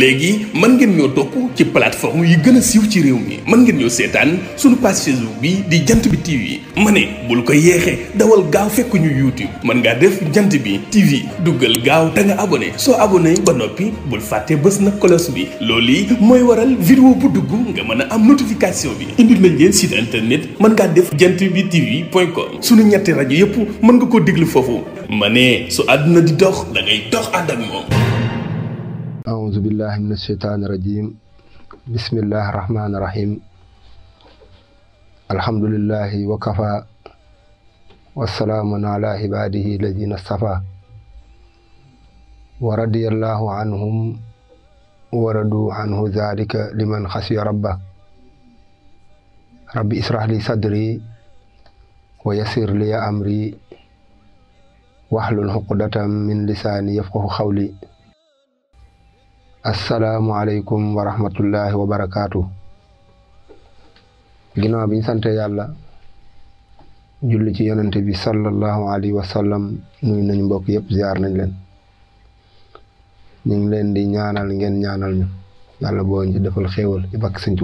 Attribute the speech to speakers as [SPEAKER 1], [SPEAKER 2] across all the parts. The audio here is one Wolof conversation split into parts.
[SPEAKER 1] léegi mën ngeen ñoo topp ci plateforme yi gën a siiw ci réew mi mën ngeen ñoo seetaan suñu page Facebook bi di jant bi TV ma ne bul ko yeexee dawal gaaw fekku ñu YouTube mën ngaa def jant bi TV duggal gaaw te nga abonné soo abonné ba noppi bul fàtte bës na cloche bi loolu yi mooy waral vidéo bu dugg nga mën a am notification bi indi nañ leen site internet mën ngaa def jant bi TV point com suñu ñetti rajo yëpp mën nga koo déglu foofu ma ne su àdduna di dox da ngay dox ànd ak moom
[SPEAKER 2] أعوذ بالله من الشيطان الرجيم بسم الله الرحمن الرحيم الحمد لله وكفى والسلام على عباده الذين اصطفى ورضي الله عنهم وردوا عنه ذلك لمن خشي ربه ربي اشرح لي صدري ويسر لي أمري واحلل عقدة من لساني يفقه قولي asalaamualeykum wa rahmatullahi wa barakaatu. ginnaaw bi ñu sant yàlla julli ci yonente bi sallallahu alayhi wa mu nuyu nañu mbokk yëpp ziar nañ leen. ñu ngi leen di ñaanal ngeen ñaanal ñu yàlla boo ñu ci defal xéewal ci bakk Sëñ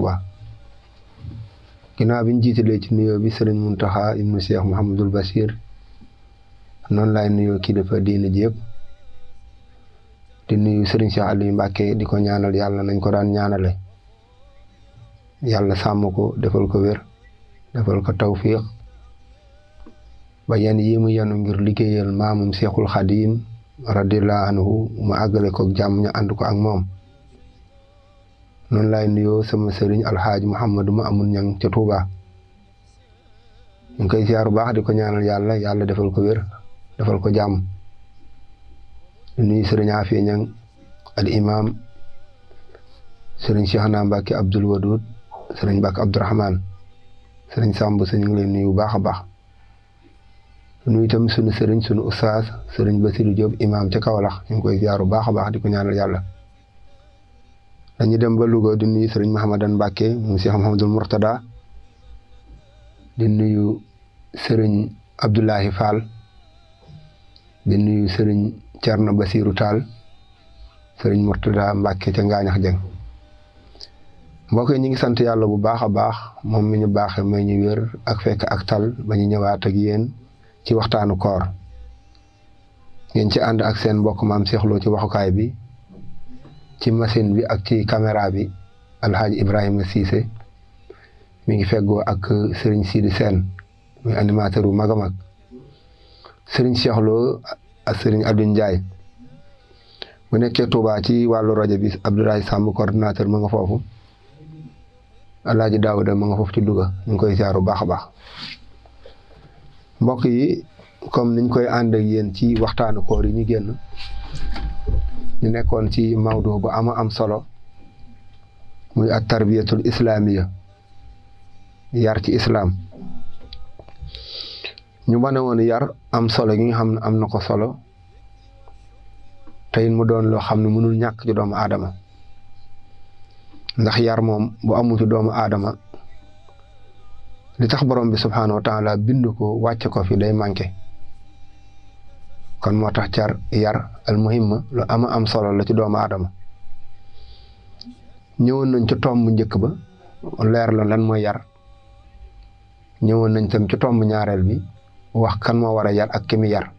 [SPEAKER 2] bi ñu jiitalee ci nuyoo bi Sëriñ Muntaxa ibnu Cheikh Mouhamadul Bachir noonu lay nuyoo kilifa diine ji yëpp. di nuyu Serigne Cheikh Aliou Mbacke di ko ñaanal yàlla nañ ko daan ñaanale yàlla sàmm ko defal ko wér defal ko tawfiq ba yan yi mu yanu ngir liggéeyal maamum Cheikhul Khadim radiyallahu ma mu àggale ko jàmm ñu ànd ko ak moom noonu laay nuyoo sama sëriñ alxaaji Mouhamadou ma amul ñang ca Touba ñu ngi koy ziar bu baax di ko ñaanal yàlla defal ko wér defal ko jàmm nuyu sëriñ Afia Ñang al imam sëriñ Cheikhna Mbacke Abdoul Wadoud sëriñ Mbacke Abdourahman sëriñ Samb sa ñu ngi leen nuyu bu baax a baax nuyu itam sunu sëriñ sunu ustaas sëriñ Basirou Diop imam ca Kaolack ñu ngi koy ziar bu baax a baax di ko ñaanal yàlla dañu dem ba Louga di nuyu sëriñ Mahamadan Mbacke moom Cheikh Mahamadul Mourtada di nuyu sëriñ Abdoulahi Fall di nuyu sëriñ Thierno Basirou Tall sëriñ Mourtada Mbacke ca Ngaañax Jeng mbokk yi ñu ngi sant yàlla bu baax a baax moom mi ñu baaxee may ñu wér ak fekk ak tal ba ñu ñëwaat ak yéen ci waxtaanu koor ngeen ci ànd ak seen mbokk maam Cheikh ci waxukaay bi ci machine bi ak ci caméra bi Alhaji Ibrahima Cissé mi ngi feggoo ak sëriñ Sidi seen muy animateur bu mag a mag Sering Cheikh Lo ak serigne Abdou ndjay mu nekké Touba ci walu radio bi Abdoulaye sam coordinateur ma nga fofu Alaaji Daawuda ma nga fofu ci Louga ñu koy ziar baax a baax mbokk yi comme niñ koy and ak yeen ci waxtaanu koor yi ñu genn ñu nekkon ci mawdo bu ama am solo muy at tarbiyatul islamiyya yar ci islam ñu bané won yar am solo gi nga xam am na ko solo tay mu doon lo xamni mënul ñak ci doomu adama ndax yar mom bu amu ci doomu adama li tax borom bi subhanahu wa taala bind ko wacc ko fi day manké kon motax ciar yar al muhim lu ama am solo la ci doomu adama ñewon nañ ci tomb ñëk ba leer la lan moy yar ñewon nañ tam ci tomb ñaarel bi wax kan mo wara yar ak kimi yar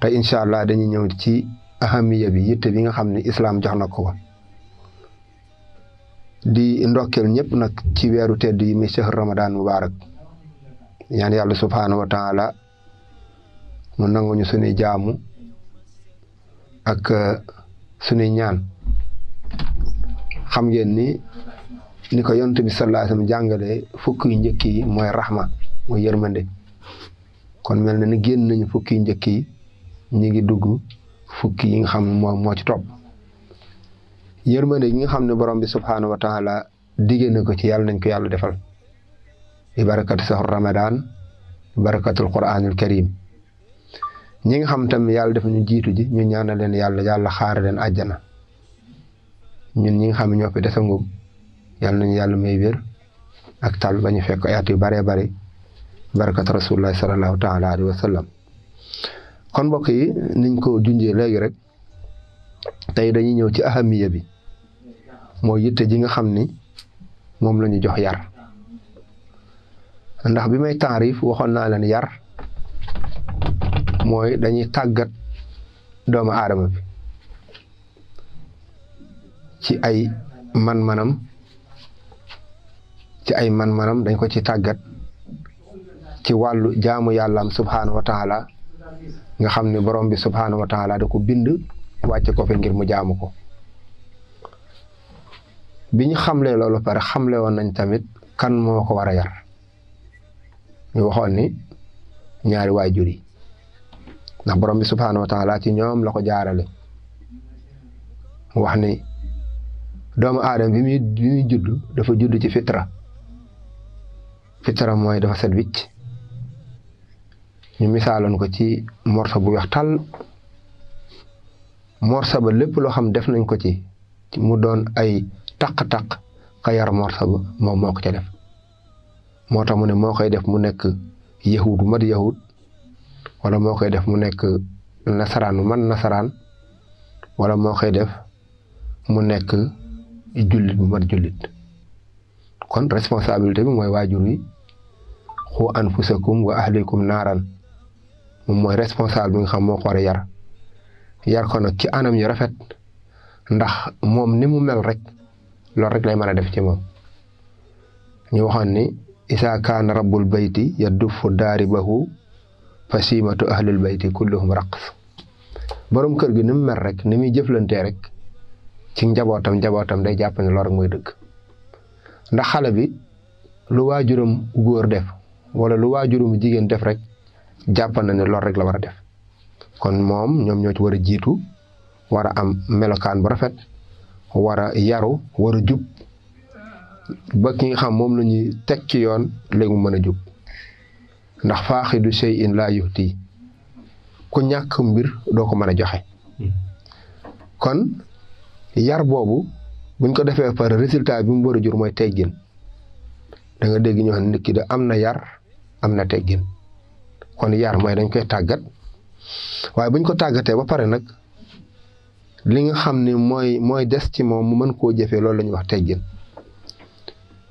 [SPEAKER 2] te inshallah allah dañuy ñëw ci ahamiyya bi yitte bi nga islam jox na di ndokkel ñëpp nak ci wéru tedd yi mi cheikh ramadan mubarak ñaan yalla subhanahu wa taala mu nangu ñu suñu jaamu ak uh, suñu ñaan xam ngeen ni niko ko yonte bi sallallahu alaihi wasallam jangale fukk rahma mooy yërmande kon mel na ni génn nañu fukki njëkk yi ñu ngi dugg fukki yi nga xam ne moom moo ci topp yërmande yi nga xam ne borom bi subhaanahu wa taala digée ko ci yàlla nañ ko yàlla defal bi barakatu saxur ramadan bi barakatul quraanul karim ñi nga xam tam yàlla def ñu jiitu ji ñu ñaanal leen yàlla yàlla xaar leen àjjana ñun ñi nga xam ne ñoo fi nañu yàlla may wér ak tal ba ñu fekk ay at yu baree bari barakat rasulullahi salallahu taala alayhi wa sallam kon mbokk yi niñ ko junjee léegi rek tey dañuy ñëw ci ahamiya bi mooy yitte ji nga xam ni moom la jox yar ndax bi may taarif waxoon naa leen yar mooy dañuy tàggat doomu aadama bi ci ay man-manam ci ay man-manam dañ ko ci tàggat ci wàllu jaamu yàllaam subhaanahu wa taala nga xam ne borom bi subhaanahu wa taala ko bind wàcce ko fi ngir mu jaamu ko bi ñu xamlee loolu xamle woon nañ tamit kan moo ko war a yar ñu waxoon ni ñaari waajur yi ndax borom bi subhaanahu wa taala ci ñoom la ko jaarale wax ni doomu aadama bi muy bi dafa judd ci fitra fitra mooy dafa set ñu misaaloon ko ci morso bu weex tàll morso ba lépp loo xam def nañ ko ci mu doon ay taq-taq ka yar morso ba moo ko ca def moo tax mu ne moo koy def mu nekk yahud bu mat yahud wala moo koy def mu nekk nasaraan bu man nasaraan wala moo koy def mu nekk jullit bu mat jullit kon responsabilité bi mooy waajur yi xu anfusakum wa ahlikum naaran moom mooy responsable bi nga xam moo ko war a yar yar ko nag ci anam yu rafet ndax moom ni mu mel rek loolu rek lay mën a def ci moom ñu waxoon ni isaa kaana rabbul bayti fu yaddufu daaribahu fa siimatu ahlul bayti kulluhum raqs borom kër gi ni mu mel rek ni muy jëflantee rek ci njabootam njabootam day jàpp ne loolu rek mooy dëgg ndax xale bi lu waajuram góor def wala lu waajuram jigéen def rek jàppal na ne loolu rek la war a def kon moom ñoom ñoo ci war a jiitu war a am melokaan bu rafet war a yaru war a jub ba ki nga xam moom la ñuy teg ci yoon léegi mu mën a jub ndax faaxi du sey in laa yuxti ku ñàkk mbir doo ko mën a joxe kon yar boobu buñ ko defee par résultat bi mu war a jur mooy teggin da nga dégg ñu wax nit da am na yar am na teggin kon yar mooy dañ koy tàggat waaye buñ ko tàggatee ba pare nag li nga xam ni mooy mooy des ci moom mu mën koo jëfee loolu la ñuy wax teggin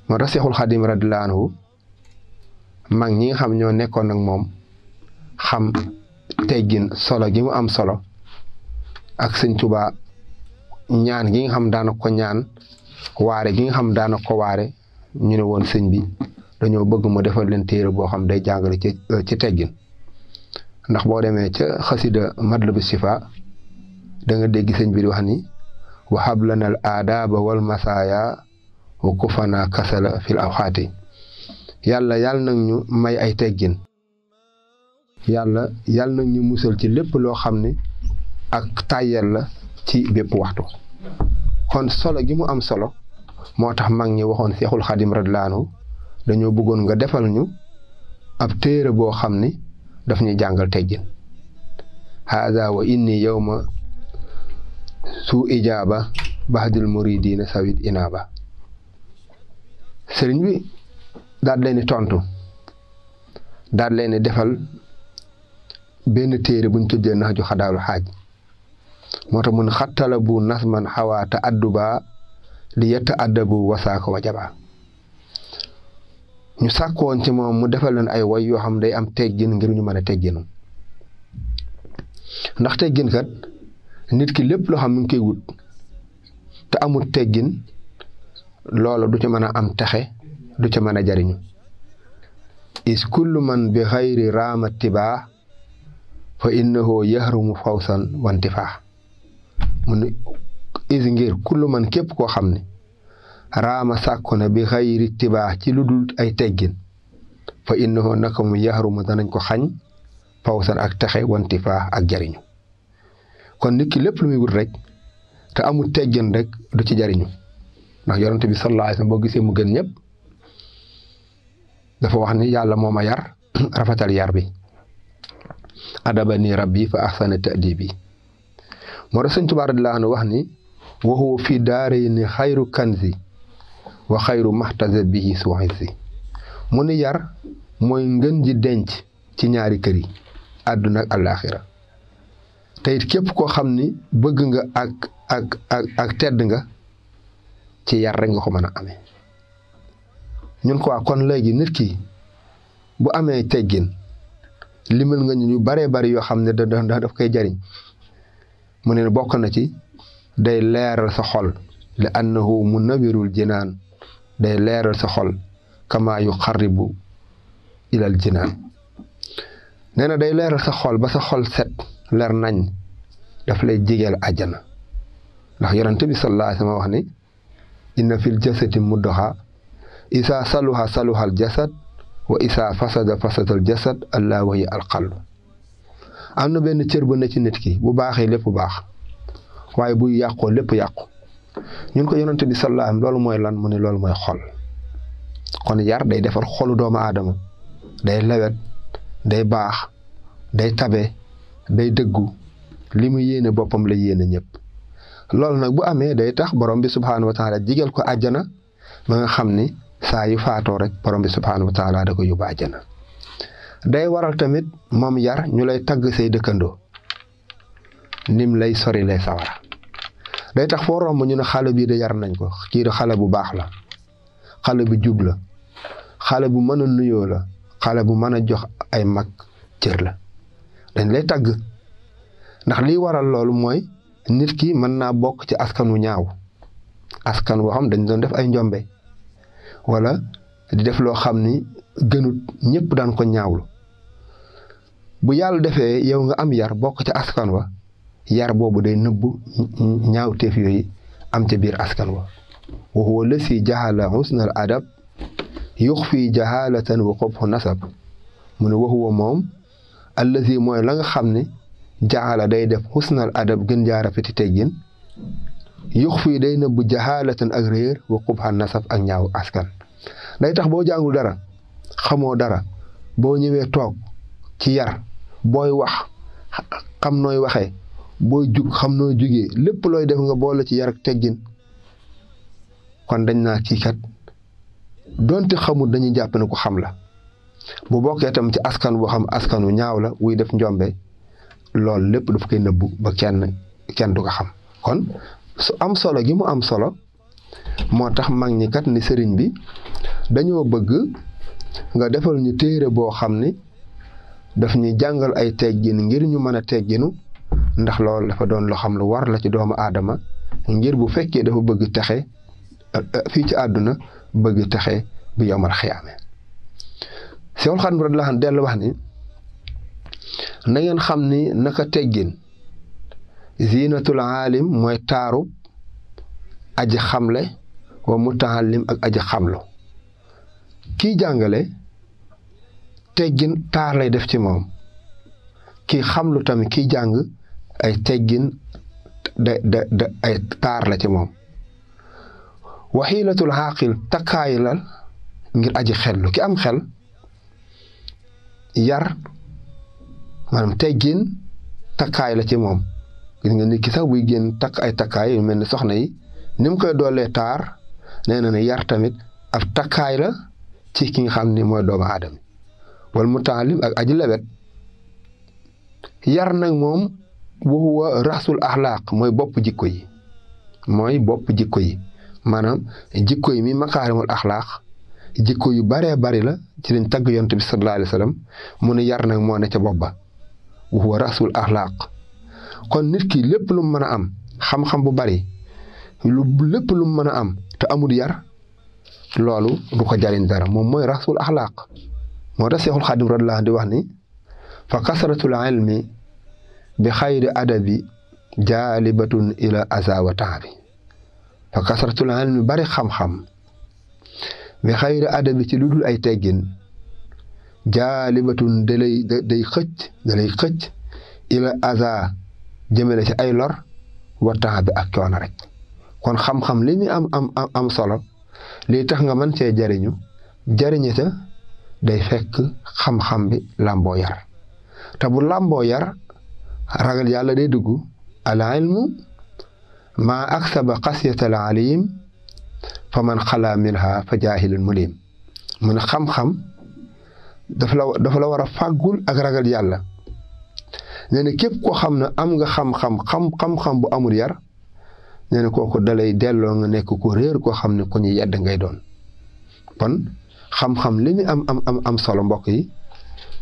[SPEAKER 2] moo tax Seexul Xadim radiyallaahu anhu mag ñi nga xam ñoo nekkoon nag moom xam teggin solo gi mu am solo ak sëñ tubaa ñaan gi nga xam daana ko ñaan waare gi nga xam daana ko waare ñu ne woon sëñ bi dañoo bëgg mu defal leen téere boo xam day jàngale ci euh, ci teggin ndax boo demee ca xasida madlabu sifa da nga dégg sëñ bi di wax ni wa hablana al aadaaba wal masaaya wa kufana kasala fil awxaati yàlla yàlla nag ñu may ay teggin yàlla yàlla nag ñu musal ci lépp loo xam ni ak tàyyel la ci bépp waxtu kon solo gi mu am solo moo tax mag ñi waxoon seexul xadim radlaanu dañoo bëggoon nga defal ñu ab téere boo xam ni daf ñuy jàngal teggin haada wa inni yowma su ijaaba bahdil muridina sawit inaaba sëriñ bi daal tontu daal leen defal benn téere buñ tuddee nax ju xadaawul xaaj moo tax mun xattala bu nasman xawaata adduba li yetta addabu wasaako wa jabaa ñu sàkkoon ci moom mu defal leen ay woy yoo xam day am teggin ngir ñu mën a tegginu ndax teggin kat nit ki lépp loo xam mu ngi koy wut te amul teggin loolu du ci mën a am texe du ci mën a jariñu is kullu man bi xayri raama tibaa fa innahu yaxrumu fawsan wantifaa mu ne is ngir képp koo xam ne raama sàkku na bi xayri tibaax ci lu dul ay teggin fa innahu naka mu yaxaruma danañ ko xañ fawsan ak texe wanti faa ak jariñu kon nit ki lépp lu muy wut rek te amul teggin rek du ci jariñu ndax yonente bi sallallahu alayhi boo gisee mu gën ñëpp dafa wax ni yàlla moo ma yar rafetal yar bi adaba ni rabbi fa ahsana ta'dibi moo tax sëñ Tuubaa radiyallaahu wax ni wa huwa fi daarayni xayru kanzi wa xayru maxtaza bihi suwaysi mu ni yar mooy ngën ji denc ci ñaari kër yi àdduna ak àllaaxira te képp koo xam ni bëgg nga ak ak ak tedd nga ci yar rek nga ko mën a amee ñun ko kon léegi nit ki bu amee teggin limal nga ñu baree bari yoo xam ne da daf koy jariñ mu ne bokk na ci day leeral sa xol li annahu munawwirul jinaan day leeral sa xol kama yuqarribu ilal jinaan nee na day leeral sa xol ba sa xol set leer nañ daf lay jigeel àjjana ndax yonente bi sallallahu alayhi wasallam wax ni inna fil jasadi muddaxa isaa saluha saluha al wa isaa fasada fasada al jasad allah wahiya am na benn cër ba na ci nit ki bu baaxee lépp baax waaye buy yàqoo lépp yàqu ñun ko yonent bi sallallahu am loolu mooy lan mu ni loolu mooy xol kon yar day defar xolu doomu aadama day lawet day baax day tabe day dëggu li mu yéene boppam la yéene ñëpp loolu nag bu amee day tax borom bi subhaanahu wa taala ko àjjana ba nga xam ni saa yu faatoo rek borom bi subhaanahu taala da ko yóbbu àjjana day waral tamit moom yar ñu lay tagg say dëkkandoo nim lay sori lay sawara day tax foo romb ñu ne xale bii de yar nañ ko kii de xale bu baax la xale bu jub la xale bu mën a nuyoo la xale bu mën a jox ay mag cër la dañ lay tagg ndax lii waral loolu mooy nit ki mën naa bokk ci askan wu ñaaw askan woo xam dañ doon def ay njombe wala di def loo xam ni gënut ñépp daan ko ñaawlu bu yàlla defee yow nga am yar bokk ci askan wa yar boobu day nëbb ñaawteef yooyu am ca biir askan wa wa huwa lasi jahala husnal adab yux fii jahalatan wa xobxu nasab mu ne wa huwa moom allazi mooy la xam ni jaxala day def xusnal adab gën jaa rafeti teggin yux fii day nëbbu jahalatan ak réer wa xubxa nasab ak ñaaw askan day tax boo jàngul dara xamoo dara boo ñëwee toog ci yar booy wax xam nooy waxee booy jug xam noo jugee lépp looy def nga boole ci yarak ak teggin kon dañ naa kii kat donte xamul dañuy jàpp ne ko xam la bu bokkee tam ci askan boo xam askan wu ñaaw la wuy def njombe loolu lépp daf koy nëbbu ba kenn kenn du ko xam kon su am solo gi mu am solo moo tax mag ñi kat ni sëriñ bi dañoo bëgg nga defal ñu téere boo xam ne daf ñuy jàngal ay teggin ngir ñu mën a tegginu ndax loolu dafa doon loxam lu war la ci doomu aadama ngir bu fekkee dafa bëgg texe fii ci àdduna bëgg texe bu yomal xiyaame Seexul Xadim radiyallaahu anhu dellu wax ni na ngeen xam ni naka teggin ziinatul aalim mooy taaru aji xamle wa mutaallim ak aji xamlu kii jàngale teggin taar lay def ci moom kii xamlu tamit kii jàng ay teggin da da da ay taar la ci moom waxiilatul xaaqil takkaay la ngir aji xellu ki am xel yar maanaam teggin takkaay la ci moom gis nga nit ki sax buy génn takk ay takkaay yu mel ni soxna yi ni koy doolee taar nee na yar tamit ab takkaay la ci ki nga xam ni mooy doomu aadama wala mu taalim ak aji lewet yar nag moom wa huwa rasul axlaaq mooy bopp jikko yi mooy bopp jikko yi maanaam jikko yi mi maqaarimul axlaaq jikko yu baree bari la ci lañ tagg yonent bi sallallahu alayhi wa sallam mu ne yar nag moo ne ca bopp ba wa huwa rasul axlaaq kon nit ki lépp lu mu mën a am xam-xam bu bari lu lépp lu mu mën a am te amul yar loolu du ko jariñ dara moom mooy rasul axlaaq moo tax seexul xaadim radiyallaahu di wax ni fa kasratul ilmi bi xayri adabi jaalibatun ila asa wa taabi fa bari xam-xam bi xayri adabi ci lu dul ay teggin jaalibatun dalay day xëcc dalay xëcc ila asa jëmale ci ay lor wa bi ak rek kon xam-xam li am solo lii tax nga mën cee jariñu jariñu ca day fekk xam-xam bi làmboo yar te bu làmboo yar ragal yàlla day dugg al ilmu maa aksaba xasiyata alim fa man xalaa minha fa jaahilun mulim mun xam-xam dafa la dafa la war a fàggul ak ragal yàlla nee na képp koo xam ne am nga xam-xam xam-xam-xam bu amul yar nee na kooku dalay delloo nga nekk ko réer koo xam ne ku ñuy yedd ngay doon kon xam-xam li am am am solo mbokk yi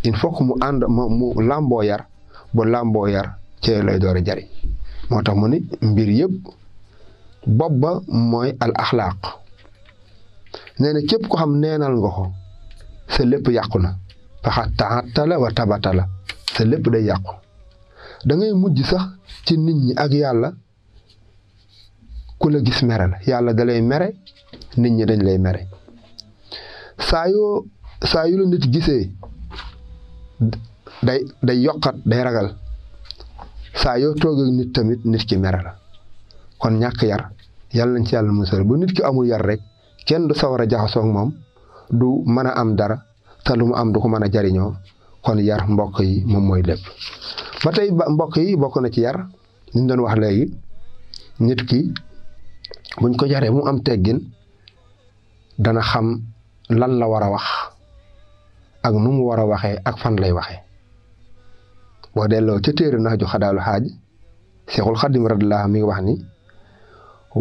[SPEAKER 2] il faut mu ànd mu làmboo yar bu làmboo yar cee lay door a jariñ moo tax mu ni mbir yëpp bopp ba mooy al axlaaq nee na képp ko xam neenal nga ko sa lépp yàqu na faxat taxatta la wa tabata sa lépp day yàqu dangay ngay mujj sax ci nit ñi ak yàlla ku la gis mere la yàlla da mere nit ñi dañ lay mere saa yoo saa yu la nit gisee day day yokkat day ragal saa yoo toogee nit tamit nit ki mere la kon ñaq yar yàlla nañ ci yàlla musal bu nit ki amul yar rek kenn du sawar a jaxasoo ak moom du mën a am dara te lu mu am du ko mën a jariñoo kon yar mbokk yi moom mooy lépp ba tey ba mbokk yi bokk na ci yar ñu doon wax léegi nit ki buñ ko yaree mu am teggin dana xam lan la war a wax ak nu mu war a waxee ak fan lay waxee boo delloo ca téere nax ju xadaalu xaaj seexul xadim radillah mi ngi wax ni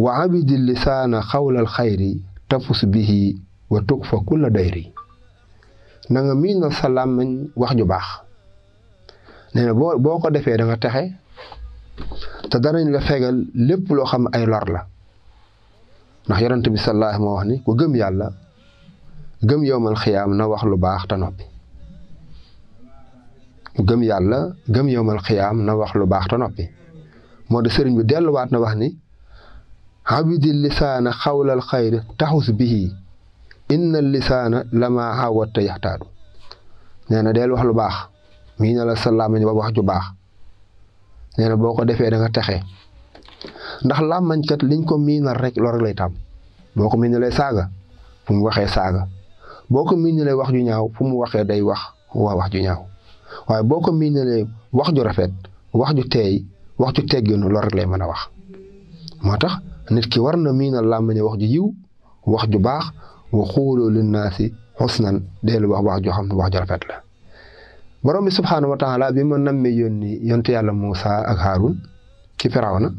[SPEAKER 2] wa abidi lisaana xawlal xayri tafus bihi wa tug fa kulla dayri na nga miin na sa wax ju baax nee na boo ko defee da nga texe te danañ la fegal lépp loo xam ay lor la ndax ta bi sallallahu moo wax ni ku gëm yàlla gëm yowmal xiyaam na wax lu baax te noppi gëm yàlla gëm yowmal xiyaam na wax lu baax ta noppi moo de sëriñ bi delluwaat na wax ni abidi lisaana xawlal xayri taxus bihi inna lisaana lama awatta yaxtaadu nee na del wax lu baax mii ne la sa làmmañ ba wax ju baax nee boo ko defee da nga texe ndax làmmañkat liñ ko miinal rek loolu rek lay tàmm boo ko miinalee saaga fu mu waxee saaga boo ko miinalee wax ju ñaaw fu mu waxee day wax wax ju ñaaw waaye boo ko miinalee wax ju rafet wax ju teey wax ju tegginu loolu rek lay mën a wax moo tax nit ki war na miinal làmmiñ wax ju yiw wax ju baax wa xuuloo linnaasi xusnan deelu wax wax joo xam ne wax ju rafet la borom bi subhaanahu wa taala bi ma nammee yónni yonte yàlla Muusa ak Haarun ci Firawna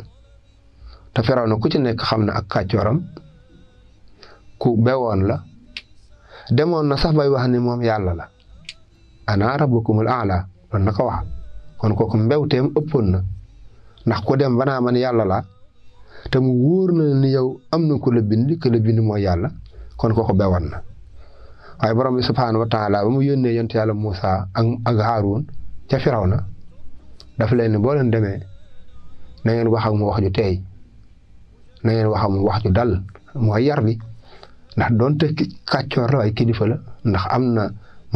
[SPEAKER 2] te na ku ci nekk xam na ak kàccooram ku bewoon la demoon na sax bay wax ni moom yàlla la ana rabbukumul aala loolu na ko wax kon kooku mbewteem ëppoon na ndax ku dem banaa man yàlla la te mu yow am na ku la bind mooy yàlla kon kooku bewoon na waaye borom bi subhaanahu wa taala ba mu yónnee yonent yàlla Muusa ak ak Haaruun ca Firawna dafa leen ni boo leen demee na ngeen wax ak mu wax ju teey mu wax ju dal mooy yar bi ndax doonte kàccoor la waaye kilifa la na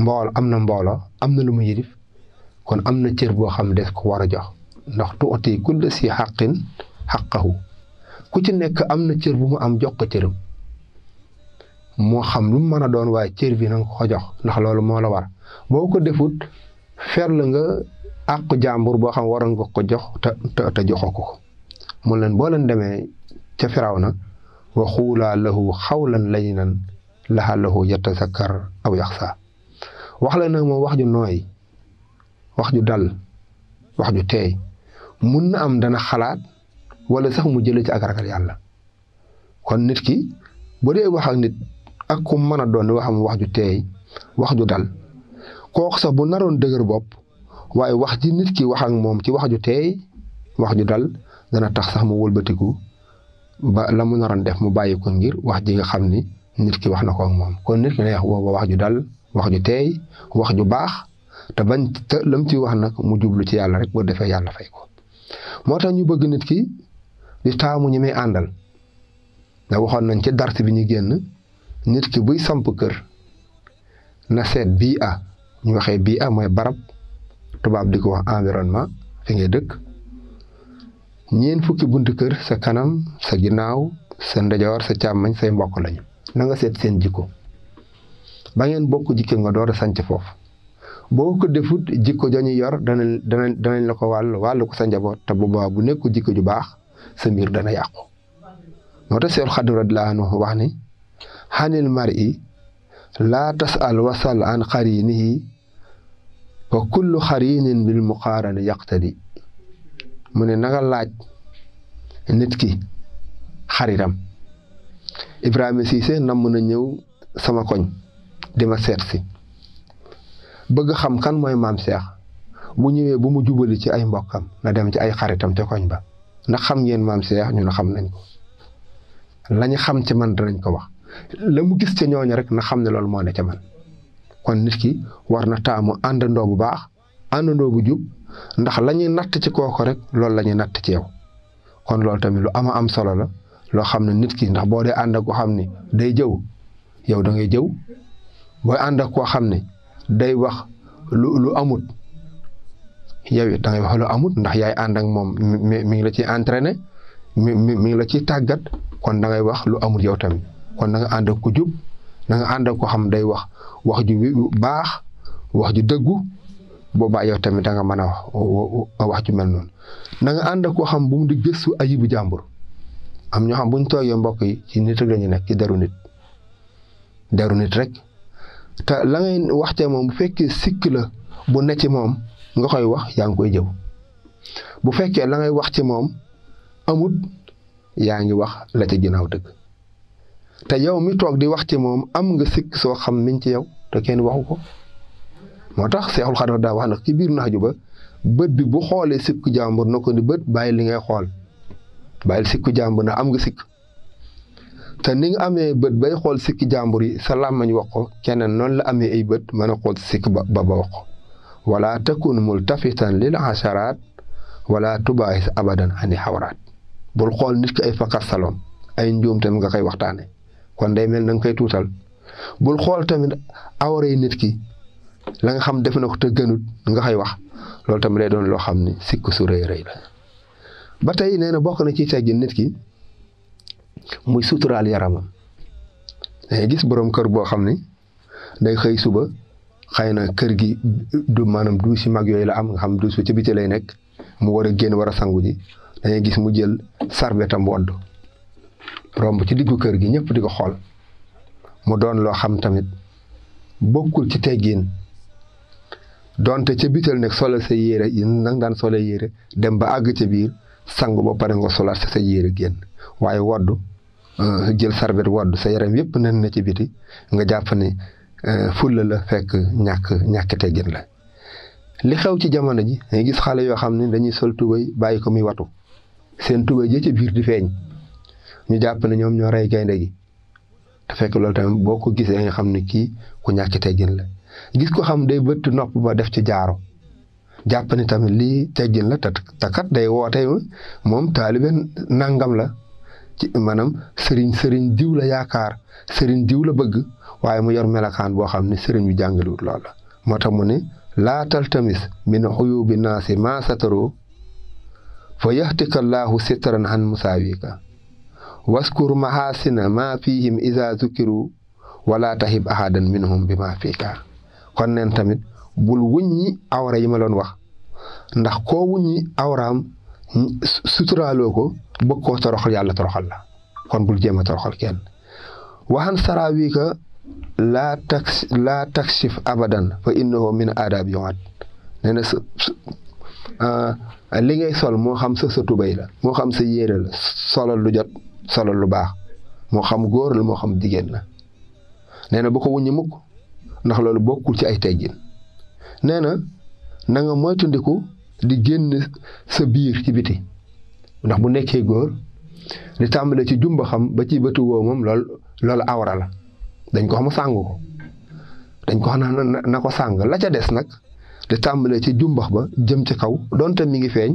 [SPEAKER 2] mbool am na mbooloo am na lu mu yërif kon am na cër boo xam des ko war a jox ndax tuuti kulla si xaqin xaqahu ku ci nekk am na cër bu mu am jox ko cëram moo xam lu mu mën a doon waaye cër bi na nga ko jox ndax loolu moo war boo ko defut ferl nga àqu jàmbur boo xam waroon nga ko jox te te te joxoo ko mu leen boo leen demee ca Firawna wa xuulaa lahu xawlan layyinan la'allahu yatazakkar aw saa wax la nag moom wax ju nooy wax ju dal wax ju teey mun na am dana xalaat wala sax mu jëlee ci ak yàlla kon nit ki bu dee wax nit ak ku mën a doon waxam wax ju teey wax ju dal kooku sax bu naroon dëgër bopp waaye wax ji nit ki wax moom ci wax ju teey wax ju dal dana tax sax mu wëlbatiku ba la mu naroon def mu bàyyi ko ngir wax ji nga xam ni nit ki wax na ko moom kon nit ki ne wax booba wax ju dal wax ju teey wax ju baax te bañ te lam ci wax nag mu jublu ci yàlla rek boo defee yàlla fay ko moo tax ñu bëgg nit ki di taamu ñi may àndal da waxoon nañ ci dars bi ñu génn nit ki buy samp kër na seet bii a ñu waxee bii a mooy barab tubaab di ko wax environnement fi ngay dëkk ñeen fukki buntu kër sa kanam sa ginnaaw sa ndejoor sa càmmañ say mbokk lañu na nga seet seen jikko ba ngeen bokk jikko nga doora sanc defut jikko jani yor dana dana dana la wal wal wàll ko sa njaboot ta bu bu nekk jikko ju baax sa mbir dana yaqku nota radhiyallahu anhu wahni hanil mar'i la tasal wasal an qarinihi wa kullu xarinin bil muqaran yaqtadi mune naga laaj nit ki xaritam ibrahima siise na ñew sama koñ di ma seet si bëgg xam kan mooy maam Cheikh bu ñëwee bu mu jubali ci ay mbokkam na dem ci ay xaritam ca koñ ba ndax xam ngeen maam Cheikh ñu ne xam nañ ko lañu xam ci man danañ ko wax la mu gis ci ñooñu rek na xam ne loolu moo ne ca man kon nit ki war na taamu àndandoo bu baax àndandoo bu jub ndax la ñuy natt ci kooku rek loolu la ñuy natt ci yow kon loolu tamit lu ama am solo la loo xam ne nit ki ndax boo dee ànd ak ko xam ne day jëw yow da jëw booy ànd ak koo xam ne day wax lu lu amut yow it da wax lu amut ndax yaay ànd ak moom mi mi ngi la ci entraîné mi mi ngi la ci tàggat kon dangay wax lu amut yow tamit kon da nga ànd ak ku nga ànd koo xam day wax wax ju baax wax ju dëggu boobaa yow tamit danga nga mën a wax ju mel noonu da nga ànd ak koo xam bu mu di gëstu ayibu jàmbur am ñoo xam bu ñu toogee mbokk yi ci nit rek la ñu nekk ci deru nit deru nit rek. te la ngay wax ca moom bu fekkee sikk la bu ne ci moom nga koy wax yaa ngi koy jëw bu fekkee la ngay wax ci moom amut yaa ngi wax la ci ginnaaw dëgg te yow mi toog di wax ci moom am nga sikk soo xam miñ ci yow te kenn waxu ko moo tax Seexul Xadiim daal wax na ci biir nax ju ba bët bi bu xoolee sikku jàmbur na ko ni bët bàyyi li ngay xool bàyyi sikku jàmbur na am nga sikk te ni nga amee bët bay xool sikki jàmbur yi sa làmmañ wax ko keneen noonu la amee ay bët mën a xool sikk ba ba wax ko wala takun multafitan lil asharaat wala tubaahis abadan ani xawraat bul xool nit ki ay fakar saloon ay njuumtam nga koy waxtaane kon day mel na nga koy tuutal bul xool tamit awray nit ki la nga xam def na ko te gënut nga xay wax loolu tamit lay doon loo xam ni sikk su rëy rëy ba tey nee na bokk na ci teggin nit ki muy suturaal yaramam dangay gis borom kër boo xam day xëy suba xëy na kër gi du maanaam duusi mag yooyu la am nga xam duusi ci biti lay nekk mu war a génn war a sangu ji dangay gis mu jël sarbetam wodd romb ci diggu kër gi ñëpp di ko xool mu doon loo xam tamit bokkul ci teggin donte ca bitel nek solo sa yére nang daan solo yére dem ba àgg ca biir sang ba pare nga solaat sa sa yére génn waaye waddu Euh, jël sarbet wodd sa yaram yëpp nen na ci biti nga jàpp ni euh, fulla la fekk ñàkk ñàkk teggin la li xew ci jamono ji dañuy gis xale yoo xam ne dañuy sol tubéy bàyyi ko muy watu seen tubéy ja ci biir di feeñ ñu jàpp ne ñoom ñoo gaynde gi te fekk loolu tamit boo ko gisee nga xam ne kii ku ñàkk teggin la gis ko xam day bëtt nopp ba def ci jaaro jàpp ne tamit lii teggin la te kat day woote moom taalibe nangam la ci maanaam sëriñ sëriñ diw la yaakaar sëriñ diw la bëgg waaye mu yor melakaan boo xam ne sëriñ bi jàngaliwut loolu moo tax mu ne laa taltamis min xuyubi naasi maa sataroo fa yaxtika llaahu sitran an musaawika waskur maxaasina maa fihim isa zukiru wala tahib ahadan minhum bi maa fiika kon neen tamit bul wuññi awra yi ma loon wax ndax koo wuññi awraam suturaaloo bëgg koo toroxal yàlla toroxal la kon bul jéem a toroxal kenn waxan saraawi ka laa tax laa taxif abadan fa innahu min aadaab yuat nee na sa ah, li ngay sol moo xam sa sa tubay la moo xam sa yére la solal lu jot solal lu baax moo xam góor la moo xam jigéen la nee na bu ko wuññi mukk ndax loolu bokkul ci ay teggin nee na na nga moytandiku di génn sa biir ci biti ndax bu nekkee góor li tàmbale ci jumba xam ba ci bëtu woo moom loolu loolu awra la dañ ko xam sàng ko dañ ko xam na na ko sàng la ca des nag di tàmbalee ci jumbax ba jëm ci kaw donte mi ngi feeñ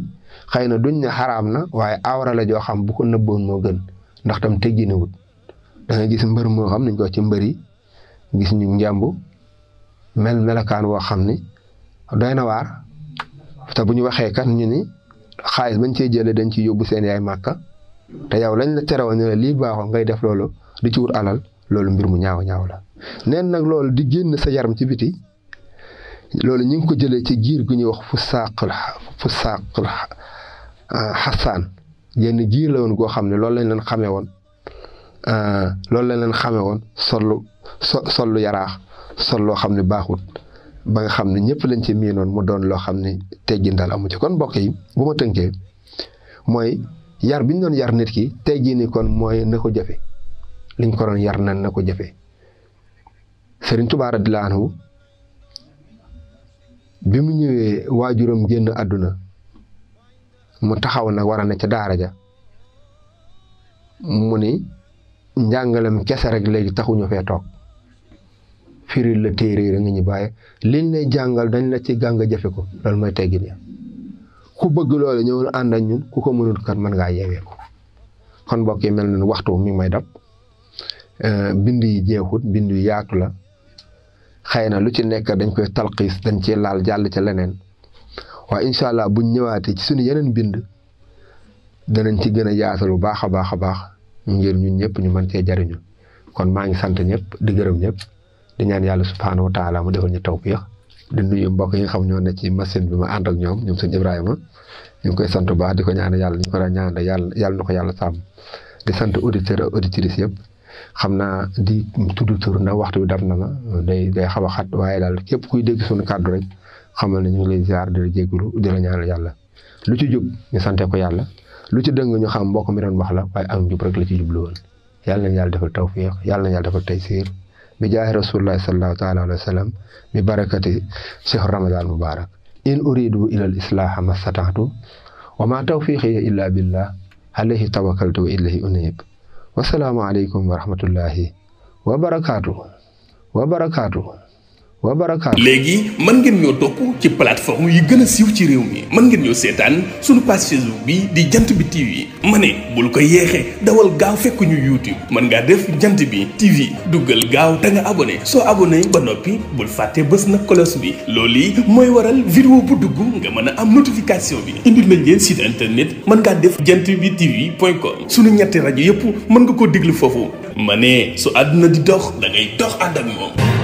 [SPEAKER 2] xëy na duñ ne xaraam na waaye awra la joo xam bu ko nëbboon moo gën ndax tam tegginewut da gis mbër moo xam nañ ko ci mbër yi gis ñu njàmb mel melakaan woo xam ni doy na waar te bu ñu waxee kat ñu ni xaalis bañ cey jëlee dañ ciy yóbbu seen yaay màkka te yow lañ la terewoon ne la lii baaxoo ngay def loolu di ci wut alal loolu mbir mu ñaaw ñaaw la neen nag loolu di génn sa yaram ci biti loolu ñu ngi ko jëlee ci giir gu ñuy wax fu saaqul fu saaqul xasaan ah, génn giir la woon goo xam ne loolu lañ leen xamee woon ah, loolu lañ leen xamee woon sollu so sollu yaraax sol loo xam ne baaxut ba nga xam ne ñëpp lañ ci miinoon mu doon loo xam ne teggin daal amu kon mbokk yi bu ma tënkee mooy yar bi doon yar nit ki teggin ni kon mooy na ko jëfe liñ ko doon yar nan na ko jëfe Sëriñ Tuubaa radiyallaahu anhu bi mu ñëwee waajuram génn àdduna mu taxaw nag wara a ca daara ja mu ni njàngalem kese rek léegi taxuñu fee toog firil la téere yi nga ñu bàyyi liñ lay jàngal dañ la ci gàng jafe ko loolu mooy teggin ya ku bëgg loolu ñëw ànd ak ñun ku ko mënul ka mën ngaa yeewee ko kon mbokk yi mel na waxtu mi may dab euh, bind yi jeexut bind yu yaatu la xëy na lu ci nekk dañ koy talxiis dañ ci laal jàll ca leneen waa incha allah buñ ñëwaatee ci suñu yeneen bind danañ ci gën a yaatal bu baax a baax a baax ngir ñu ñëpp ñu mën cee jariñu kon maa ngi sant ñëpp di gërëm ñëpp di ñaan yàlla subhaanahu wa taala mu defal ñu tawfiix di nuyu mbokk yi xam ñoo ne ci machine bi ma ànd ak ñoom ñoom sëñ Ibrahima ñu ngi koy sant bu baax di ko ñaan yàlla ñu ko ñaan yàlla yàlla na ko yàlla sàmm di sant auditeurs ak yëpp xam na di tuddu tur ndax waxtu bi dab na ma day day xaw a xat waaye daal képp kuy dégg suñu kàddu rek xamal ne ñu ngi lay ziar di la jégalu di la ñaanal yàlla lu ci jub ñu sante ko yàlla lu ci dëng ñu xam mbokk mi doon wax la waaye am jub rek la ci jublu woon yàlla na yàlla defal tawfiix yàlla na yàlla defal taysiir بجاه رسول الله صلى الله عليه وسلم ببركة شهر رمضان المبارك إن أريد إلى الإصلاح ما استطعت وما توفيقي إلا بالله عليه توكلت وإليه أنيب والسلام عليكم ورحمة الله وبركاته وبركاته wa barakaatu
[SPEAKER 1] léegi mën ngeen ñoo topp ci plateforme yi gën a siiw ci réew mi mën ngeen ñoo seetaan suñu page Facebook bi di jant bi TV ma ne bul ko yeexee dawal gaaw fekku ñu YouTube mën ngaa def jant bi TV duggal gaaw te nga abonné soo abonné ba noppi bul fàtte bës na cloche bi loolu yi mooy waral vidéo bu dugg nga mën a am notification bi indi nañ leen site internet mën ngaa def jant bi TV point com suñu ñetti rajo yëpp mën nga
[SPEAKER 2] koo déglu foofu ma ne su àdduna di dox da ngay dox ànd ak